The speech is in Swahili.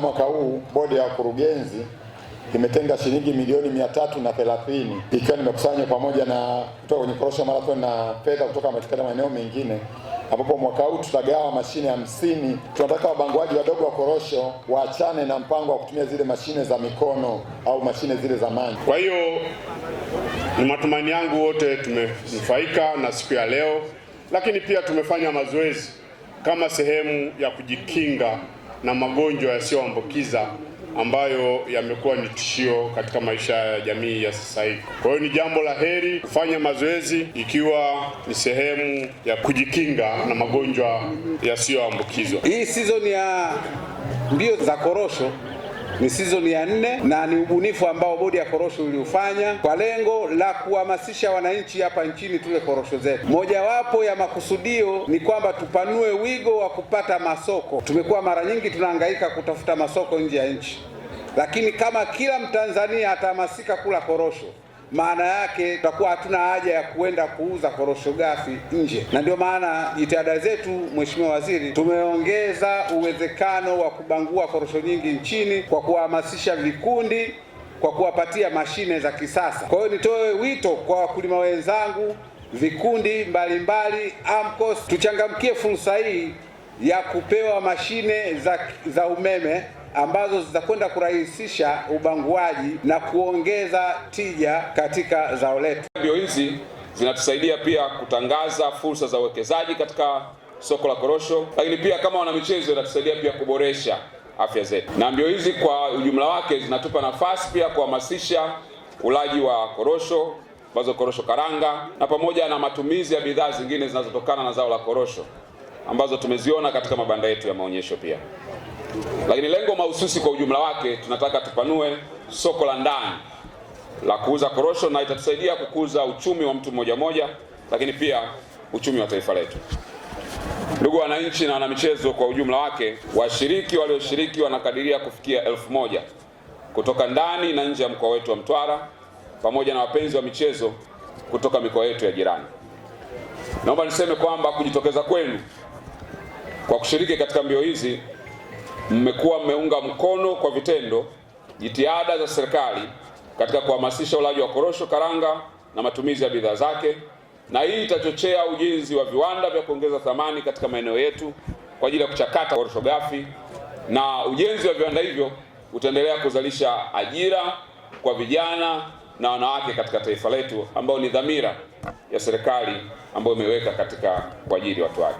Mwaka huu bodi ya wakurugenzi imetenga shilingi milioni mia tatu na thelathini ikiwa nimekusanya pamoja na kutoka kwenye Korosho Marathon na fedha kutoka katika maeneo mengine, ambapo mwaka huu tutagawa mashine hamsini. Tunataka wabanguaji wadogo wa korosho waachane na mpango wa kutumia zile mashine za mikono au mashine zile za maji. Kwa hiyo ni matumaini yangu wote tumenufaika na siku ya leo, lakini pia tumefanya mazoezi kama sehemu ya kujikinga na magonjwa yasiyoambukiza ambayo yamekuwa ni tishio katika maisha ya jamii ya sasa hivi. Kwa hiyo ni jambo la heri kufanya mazoezi ikiwa ni sehemu ya kujikinga na magonjwa yasiyoambukizwa. Hii season ya mbio za korosho ni season ya nne na ni ubunifu ambao bodi ya korosho iliufanya kwa lengo la kuhamasisha wananchi hapa nchini tule korosho zetu. Mojawapo ya makusudio ni kwamba tupanue wigo wa kupata masoko. Tumekuwa mara nyingi tunahangaika kutafuta masoko nje ya nchi, lakini kama kila Mtanzania atahamasika kula korosho maana yake tutakuwa hatuna haja ya kuenda kuuza korosho ghafi nje, na ndio maana jitihada zetu, Mheshimiwa Waziri, tumeongeza uwezekano wa kubangua korosho nyingi nchini kwa kuhamasisha vikundi, kwa kuwapatia mashine za kisasa. Kwa hiyo nitoe wito kwa wakulima wenzangu, vikundi mbalimbali, AMCOS, tuchangamkie fursa hii ya kupewa mashine za, za umeme ambazo zitakwenda kurahisisha ubanguaji na kuongeza tija katika zao letu. Mbio hizi zinatusaidia pia kutangaza fursa za uwekezaji katika soko la korosho, lakini pia kama wanamichezo inatusaidia pia kuboresha afya zetu, na mbio hizi kwa ujumla wake zinatupa nafasi pia kuhamasisha ulaji wa korosho ambazo korosho karanga na pamoja na matumizi ya bidhaa zingine zinazotokana na zao la korosho ambazo tumeziona katika mabanda yetu ya maonyesho pia. Lakini lengo mahususi kwa ujumla wake, tunataka tupanue soko la ndani la kuuza korosho na itatusaidia kukuza uchumi wa mtu mmoja mmoja, lakini pia uchumi wa taifa letu. Ndugu wananchi na wanamichezo kwa ujumla wake, washiriki walioshiriki wanakadiria kufikia elfu moja kutoka ndani na nje ya mkoa wetu wa Mtwara pamoja na wapenzi wa michezo kutoka mikoa yetu ya jirani. Naomba niseme kwamba kujitokeza kwenu kwa kushiriki katika mbio hizi mmekuwa mmeunga mkono kwa vitendo jitihada za serikali katika kuhamasisha ulaji wa korosho, karanga na matumizi ya bidhaa zake, na hii itachochea ujenzi wa viwanda vya kuongeza thamani katika maeneo yetu kwa ajili ya kuchakata korosho ghafi, na ujenzi wa viwanda hivyo utaendelea kuzalisha ajira kwa vijana na wanawake katika taifa letu, ambayo ni dhamira ya serikali ambayo imeweka katika kuajiri watu wake.